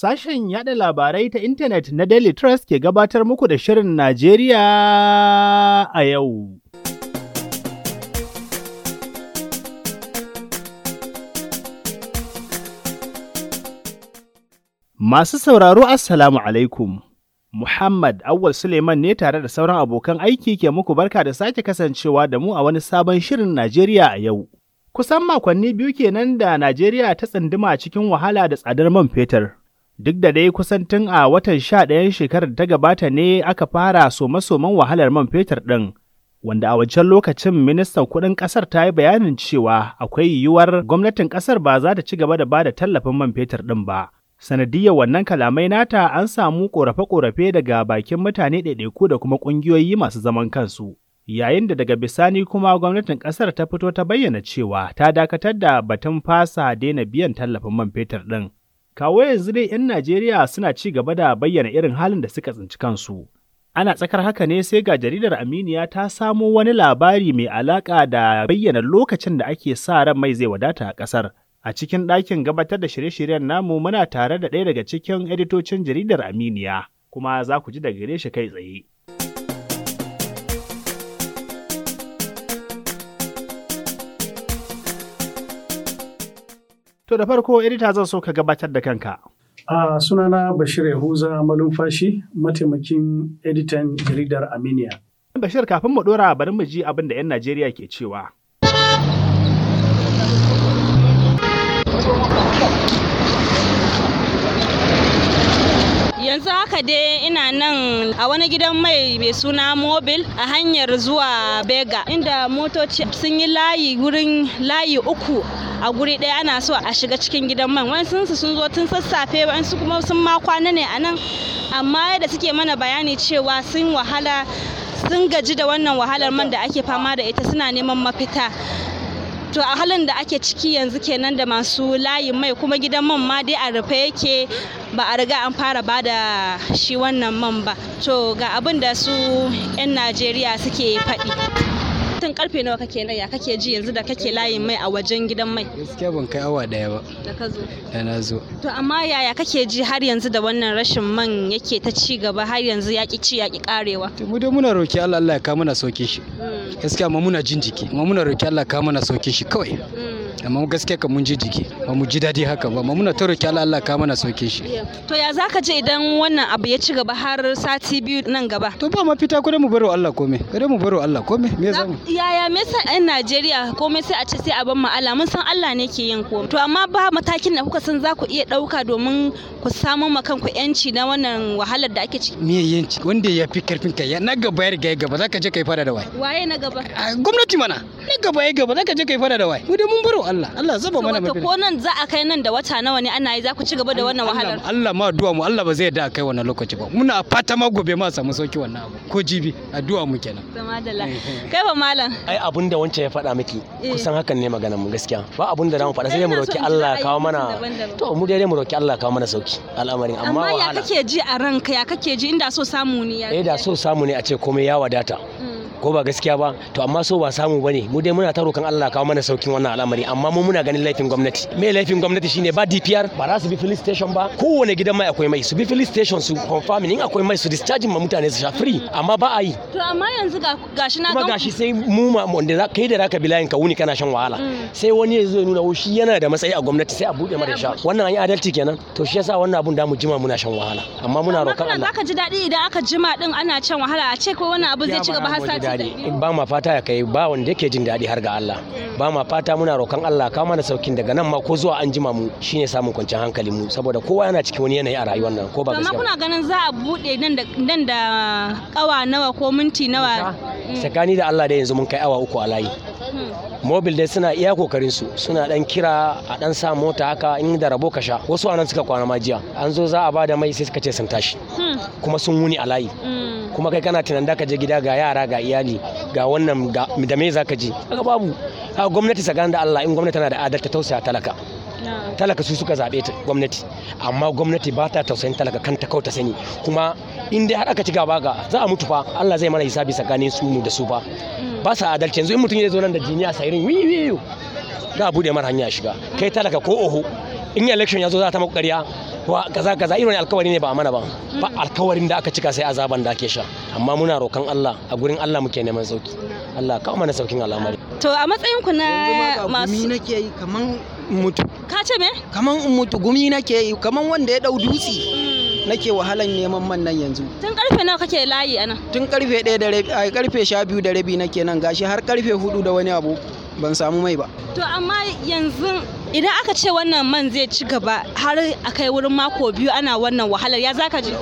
Sashen yada labarai ta intanet na Daily Trust ke gabatar muku da Shirin Najeriya a yau. Masu sauraro Assalamu alaikum. Muhammad Awwal Suleiman ne tare da sauran abokan aiki ke muku barka da sake kasancewa da mu a wani sabon shirin Najeriya a yau. Kusan makonni biyu kenan da Najeriya ta tsunduma cikin wahala da tsadar man fetur. duk da dai kusan tun a watan sha ɗayan shekarar ta gabata ne aka fara soma-soman wahalar man fetur ɗin. Wanda a wancan lokacin ministan kuɗin ƙasar ta yi bayanin cewa akwai yiwuwar gwamnatin ƙasar ba za ta ci gaba da ba da tallafin man fetur ɗin ba. Sanadiyar wannan kalamai nata an samu ƙorafe-ƙorafe daga bakin mutane ɗaiɗaiku da kuma ƙungiyoyi masu zaman kansu. Yayin da daga bisani kuma gwamnatin ƙasar ta fito ta bayyana cewa ta dakatar da batun fasa daina biyan tallafin man fetur ɗin. Kawo yanzu dai 'yan Najeriya suna ci gaba da bayyana irin halin da suka tsinci kansu. Ana tsakar haka ne sai ga jaridar Aminiya ta samo wani labari mai alaƙa da bayyana lokacin da ake sa ran mai zai wadata a ƙasar. A cikin ɗakin gabatar da shirye-shiryen namu muna tare da ɗaya daga cikin editocin jaridar Aminiya, kuma za ku ji daga gare shi kai tsaye. To da farko edita zan so ka gabatar da kanka. A sunana Bashir Yahuza Malumfashi, mataimakin editan jaridar Aminiya. Bashir kafin mu dora bari mu ji abin da 'yan Najeriya ke cewa. haka dai ina nan a wani gidan mai mai suna mobil a hanyar zuwa bega inda motoci sun yi layi wurin layi uku a guri ɗaya ana so a shiga cikin gidan man wani sun zo tun sassafe wasu kuma sun ma kwana ne a nan amma yadda suke mana bayani cewa sun wahala sun gaji da wannan wahalar man da ake fama da ita suna neman mafita to a halin da ake ciki yanzu kenan da masu layin mai kuma gidan man ma dai a rufe yake ba a riga an fara ba da shi wannan man ba to ga abin da su 'yan najeriya suke faɗi tun karfe nawa kake nan ya kake ji yanzu da kake layin mai a wajen gidan mai gaskiya ban kai awa daya ba da ka zo na zo to amma yaya kake ji har yanzu da wannan rashin man yake ta ci gaba har yanzu yaki ci yaki karewa to mu dai muna roki Allah Allah ya kawo mana sauki shi hmm. gaskiya ma muna jin jiki ma muna roki Allah ya kawo mana sauki shi kawai hmm. amma gaskiya kan mun ji jiki ba mu ji daɗi haka ba amma muna ta roki Allah Allah ka mana sauke shi to ya zaka je idan wannan abu ya ci gaba har sati biyu nan gaba to ba ma fita ko mu baro Allah kome kada mu baro Allah kome me zamu ya yaya me yasa ɗan Najeriya kome sai a ce sai a ban mu Allah mun san Allah ne ke yin komai to amma ba matakin da kuka san za ku iya ɗauka domin ku samu ma kanku yanci na wannan wahalar da ake ciki me yanci wanda ya fi karfin kai na gaba ya riga ya gaba zaka je kai fada da waye waye na gaba gwamnati mana na gaba ya gaba zaka je kai fada da wai mu da mun baro Allah Allah zuba mana mafi ko nan za a kai nan da wata nawa ne ana yi za ku ci gaba da wannan wahalar Allah ma addu'a mu Allah ba zai da kai wannan lokaci ba muna fata ma gobe ma samu sauki wannan abu ko jibi addu'a mu kenan zama da eh, eh. kai ba malam ai abun da wancan ya faɗa miki eh. kusan hakan ne maganar mu gaskiya ba abun da zamu faɗa sai mu roki Allah ya kawo mana to mu dai mu roki Allah ya kawo mana sauki al'amarin amma wahala amma ya kake ji a ranka ya kake ji inda so samu ne ya eh da so samu ne a ce komai ya wadata mm. ko ba gaskiya ba to amma so ba samu bane mu dai muna ta roƙon Allah kawo mana saukin wannan al'amari amma mu muna ganin laifin gwamnati me laifin gwamnati shine ba DPR ba za su bi police station ba kowane gidan mai akwai mai su bi police station su confirming in akwai mai su discharge ma mutane su sha free amma ba a yi to amma yanzu ga gashi na kuma gashi sai mu ma wanda kai da raka bi layin ka wuni kana shan wahala mm. sai wani ya zo ya nuna oh, shi yana da matsayi a gwamnati sai a bude mara sha wannan an yi adalci kenan to shi yasa wannan abun da mu jima muna shan wahala amma muna roƙon Allah zaka ji daɗi idan aka jima din ana shan wahala a ce ko wani abu zai ci gaba har sati daɗi ba ma fata ya kai ba wanda yake jin daɗi har ga Allah ba ma fata muna roƙon Allah ka mana saukin daga nan ma ko zuwa an jima mu shine samun kwanciyar hankali mu saboda kowa yana cikin wani yanayi a rayuwar nan ko ba gaskiya kuna ganin za a bude nan da kawa uh, nawa ko minti nawa mm. tsakani da Allah da yanzu mun kai awa uku a layi hmm. mobil dai suna iya kokarin su suna dan kira a dan sa mota haka in da rabo ka sha wasu anan suka kwana majiya jiya an zo za a bada mai sai suka ce sun tashi hmm. kuma sun wuni a layi hmm. kuma kai kana tunanin da ka je gida ga yara ga iyali ga wannan da me za ka je. kaga babu a gwamnati sa da Allah in gwamnati tana da adalta tausaya talaka talaka su suka zaɓe ta gwamnati amma gwamnati ba ta tausayin talaka kanta kawai ta sani kuma in dai har aka ci gaba ga za a mutu fa Allah zai mana hisabi tsakanin su mu da su fa mm. ba sa adalci yanzu in mutum ya zo nan da jiniya sayirin wiwiyu za a bude mara hanya shiga kai talaka ko oho in election ya zo za ta maku ƙarya kaza kaza irin alkawari ne ba mana ba ba mm. alkawarin da aka cika sai azaban da ake sha amma muna rokan Allah a gurin Allah muke neman sauki Allah kawo mana saukin al'amari to a matsayin ku na masu nake yi kaman mutu ka ce me kaman mutu gumi nake yi kaman wanda ya dau dutse mm. nake wahalan neman man nan yanzu tun karfe nawa kake layi anan tun karfe 1 da rabi karfe 12 da rabi nake nan gashi har karfe 4 da wani abu ban samu mai ba to amma yanzu idan aka ce wannan man zai ci gaba har a kai wurin mako biyu ana wannan wahalar ya zaka ji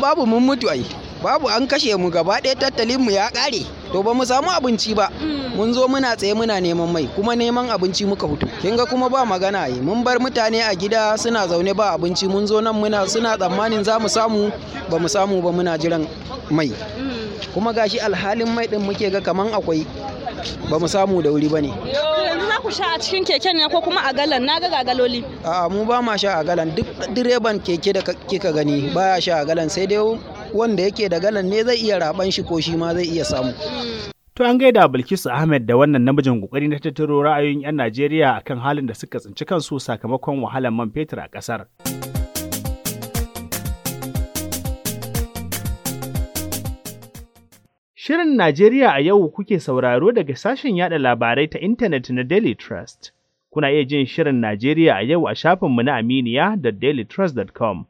babu mun mutu ai babu an kashe mu gaba ɗaya tattalin mu ya ƙare to ba mu samu abinci ba mm. mun zo muna tsaye muna neman mai kuma neman abinci muka hutu kin ga kuma ba magana yi mun bar mutane a gida suna zaune ba abinci mun zo nan muna suna tsammanin za mu samu ba mu samu ba muna jiran mai mm. kuma gashi alhalin mai ɗin muke ga kaman akwai ba mu samu da wuri ba ne ku sha a cikin keken ne ko kuma a galan na ga gagaloli a'a mu ba ma sha a galan duk direban keke da kika gani baya sha a galan sai dai wanda yake da galan ne zai iya raban shi ko shi ma zai iya samu To an gaida Bilkisu Ahmed da wannan namijin kokari na tattaro ra'ayoyin 'yan Najeriya akan halin da suka tsinci kansu sakamakon wahalar man fetur a kasar Shirin Najeriya a yau kuke sauraro daga sashen yada labarai ta intanet na Daily Trust. Kuna iya jin Shirin Najeriya a yau a shafinmu na Aminiya da dailytrust.com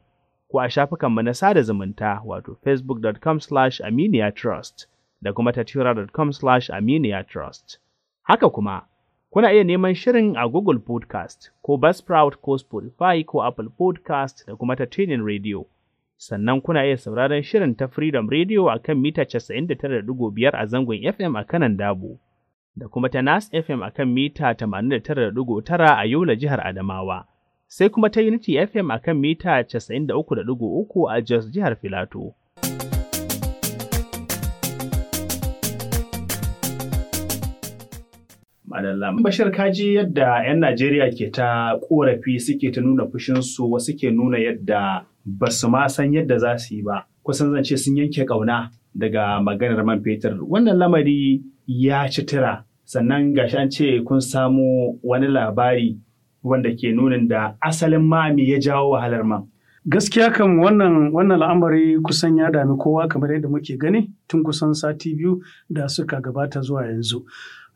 ko a shafukanmu na sada zumunta wato facebook.com slash aminiyatrust da kuma tatura.com slash aminiyatrust. Haka kuma, kuna iya neman shirin a Google Podcast ko Buzzsprout ko Spotify ko Apple Podcast da kuma ta Radio. sannan kuna iya sauraron shirin ta Freedom Radio a kan mita 99.5 a zangon FM a kanan Dabo, da kuma ta Nas FM a kan mita 89.9 a Yola jihar Adamawa, sai kuma ta Unity FM a kan mita 93.3 a Jos jihar Filato. Madalla. Bashir kaji yadda 'yan Najeriya ke ta korafi suke ta nuna fushinsu, wasu ke nuna yadda ba su ma san yadda za su yi ba kusan zan ce sun yanke ƙauna daga maganar man fetur wannan lamari ya ci tira sannan gashi an ce kun samu wani labari wanda ke nunin da asalin mami ya jawo wahalar man gaskiya kan wannan wannan al'amari kusan ya dami kowa kamar yadda muke gani tun kusan sati biyu da suka gabata zuwa yanzu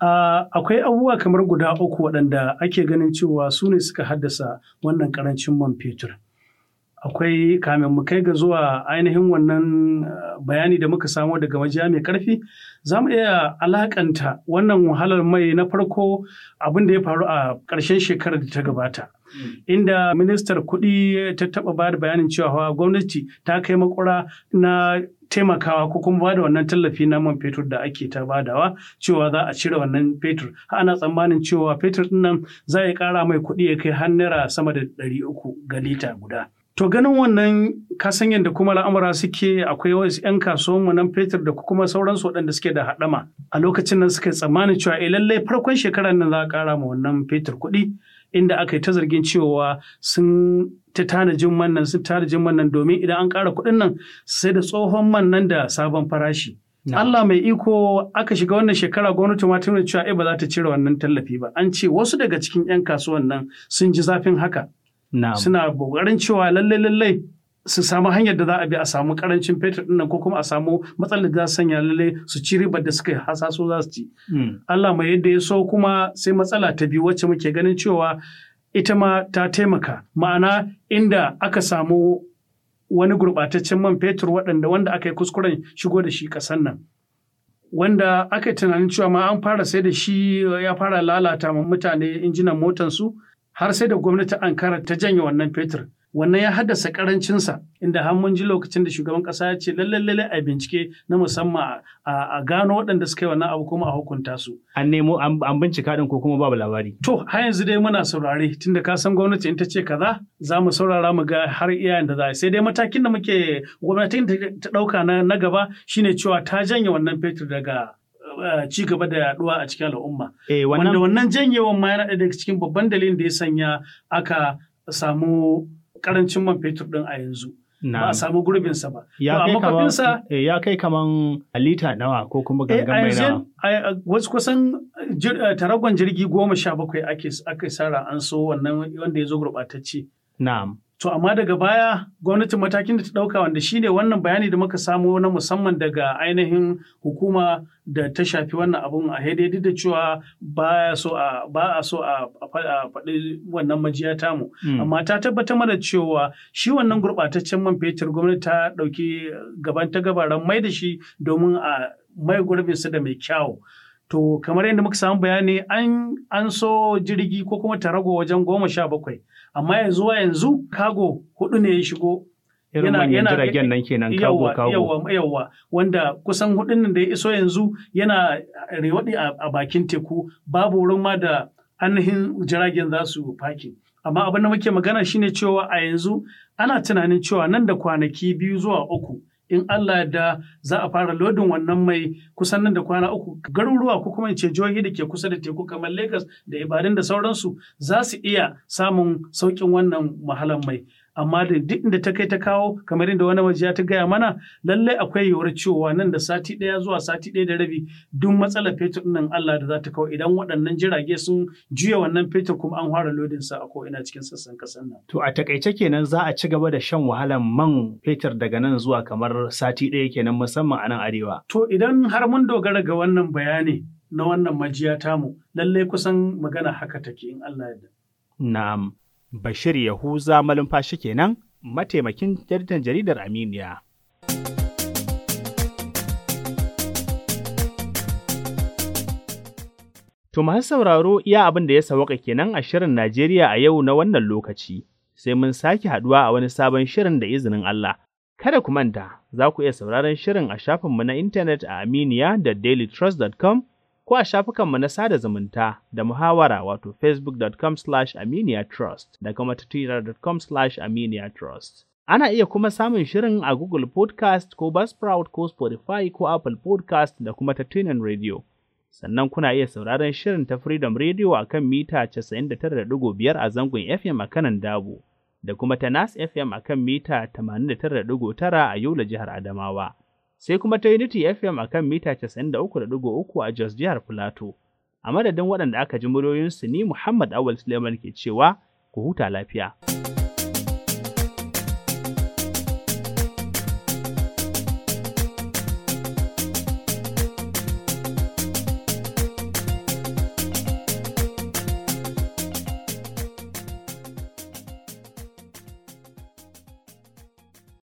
Uh, akwai abubuwa kamar guda uku waɗanda ake ganin cewa su ne suka haddasa wannan ƙarancin man fetur. akwai kamin mu kai ga zuwa ainihin wannan eh, bayani da muka samu daga majiya mai karfi za mu iya alakanta wannan wahalar mai na farko abin da ya faru a karshen shekarar da ta gabata hmm. inda ministar kuɗi ta taɓa ba da bayanin cewa gwamnati ta kai makura na taimakawa ko kuma ba da wannan tallafi na man fetur da ake ta badawa cewa za a cire wannan fetur ana tsammanin cewa fetur ɗin nan za ya ƙara mai kuɗi ya kai har naira sama da ɗari uku ga lita guda To ganin wannan kasan yadda kuma al'amura suke akwai wasu 'yan kasuwanmu nan fetur da kuma sauransu waɗanda suke da haɗama. A lokacin nan suka tsammanin cewa eh lallai farkon shekarar nan za a ƙara ma wannan fetur kuɗi inda aka yi ta zargin cewa sun ta tanajin man sun tanajin domin idan an ƙara kuɗin nan sai da tsohon man nan da sabon farashi. Allah mai iko aka shiga wannan shekara gwamnati ma ta nuna cewa eh, ba za ta cire wannan tallafi ba. An ce wasu daga cikin 'yan kasuwan nan sun ji zafin haka. suna kokarin cewa lallai lallai su samu hanyar da za a bi a samu karancin fetur dinnan ko kuma a samu matsalar da za su sanya lalle su ci ribar da suka hasaso za su ci. Hmm. Allah mai yadda ya so kuma sai matsala ta biyu wacce muke ganin cewa ita ma ta taimaka ma'ana inda aka samu wani gurbataccen man fetur waɗanda wanda aka yi kuskuren shigo da shi kasan nan. Wanda aka yi tunanin cewa ma an fara sai da shi ya fara lalata mutane injinan motansu su har sai da gwamnati Ankara ta janye wannan fetur. Wannan ya haddasa karancinsa inda har mun ji lokacin da shugaban kasa ya ce lallai lallai a bincike na musamman a gano waɗanda suka yi wannan abu kuma a hukunta su. An nemo an bincika din ko kuma babu labari. To har yanzu dai muna saurare tunda ka san gwamnati in ta ce kaza za mu saurara mu ga har iyayen da za a sai dai matakin da muke gwamnati ta ɗauka na gaba shine cewa ta janye wannan fetur daga Eh, ci gaba da yaduwa a cikin al'umma. Eh, wanda wannan janyewan ma yana daga cikin babban dalilin da ya sanya aka samu karancin man fetur din a yanzu. Ba a samu gurbin sa ba. Ya kai kaman eh, ya kai kaman lita nawa ko kuma gangan mai nawa. Wasu kusan taragon jirgi goma sha bakwai ake sara an so wannan wanda ya zo gurɓatacce. Na'am. To amma daga baya gwamnatin matakin da ta ɗauka wanda shine wannan bayani da muka samo na musamman daga ainihin hukuma da ta shafi wannan abun a duk da cewa ba a so a faɗi wannan majiya tamu. Mm. Amma ta tabbatar mana cewa shi wannan gurɓataccen man fetur gwamnati ta ɗauki gaban ta gabaran mai da shi domin a mai gurbinsa da mai kyawu. To kamar yadda muka samu bayani an, an so jirgi ko kuma tarago wajen goma sha bakwai, amma ya zuwa yanzu kago hudu ne ya shigo. Irin manyan jiragen nan kenan kago kago. Yawwa yawwa wanda kusan hudun da ya iso yanzu yana rewaɗi a bakin teku babu wurin ma da ainihin jiragen za su faki. Amma abin da muke magana shine cewa a yanzu ana tunanin cewa nan da kwanaki biyu zuwa uku in Allah da za a fara lodin wannan mai kusan nan da kwana uku garuruwa ko kuma ce jihohi da ke kusa da teku kamar Lagos da Ibadan da sauransu za su iya samun saukin wannan mahalan mai amma da duk inda ta kai ta kawo kamar inda wani waje ta gaya mana lallai akwai yiwuwar cewa nan da sati ɗaya zuwa sati ɗaya da rabi duk matsalar fetur nan Allah da za ta kawo idan waɗannan jirage sun juya wannan fetur kuma an fara lodin sa a ko ina cikin sassan kasan nan. To a takaice kenan za a ci gaba da shan wahalan man fetur daga nan zuwa kamar sati ɗaya kenan musamman a nan arewa. To idan har mun dogara ga wannan bayani na wannan majiya tamu lallai kusan magana haka take in Allah ya Na'am. Bashir Yahuza malumfashi kenan mataimakin jaridan jaridar Aminiya. To masu sauraro iya abin da ya sawaka kenan a shirin Najeriya a yau na wannan lokaci, sai mun sake haduwa a wani sabon shirin da izinin Allah. Kada ku manta, za ku iya sauraron shirin a shafinmu na intanet a aminiya da dailytrust.com ko a shafukanmu na sada zumunta da muhawara wato facebook.com slash aminiyatrust da kuma twitter.com slash trust Ana iya kuma samun shirin a Google Podcast ko Buzzsprout ko Spotify ko Apple Podcast da kuma ta Tunin Radio. Sannan kuna iya sauraron shirin ta Freedom Radio a kan mita 99.5 a zangon FM a kanan dabu da kuma ta Nas FM a kan mita 89.9 a Yola jihar Adamawa. sai kuma ta Unity FM a kan mita 93.3 a Jos Jihar Filato. A madadin waɗanda aka ji muryoyinsu ni Muhammad Awal Suleiman ke cewa ku huta lafiya.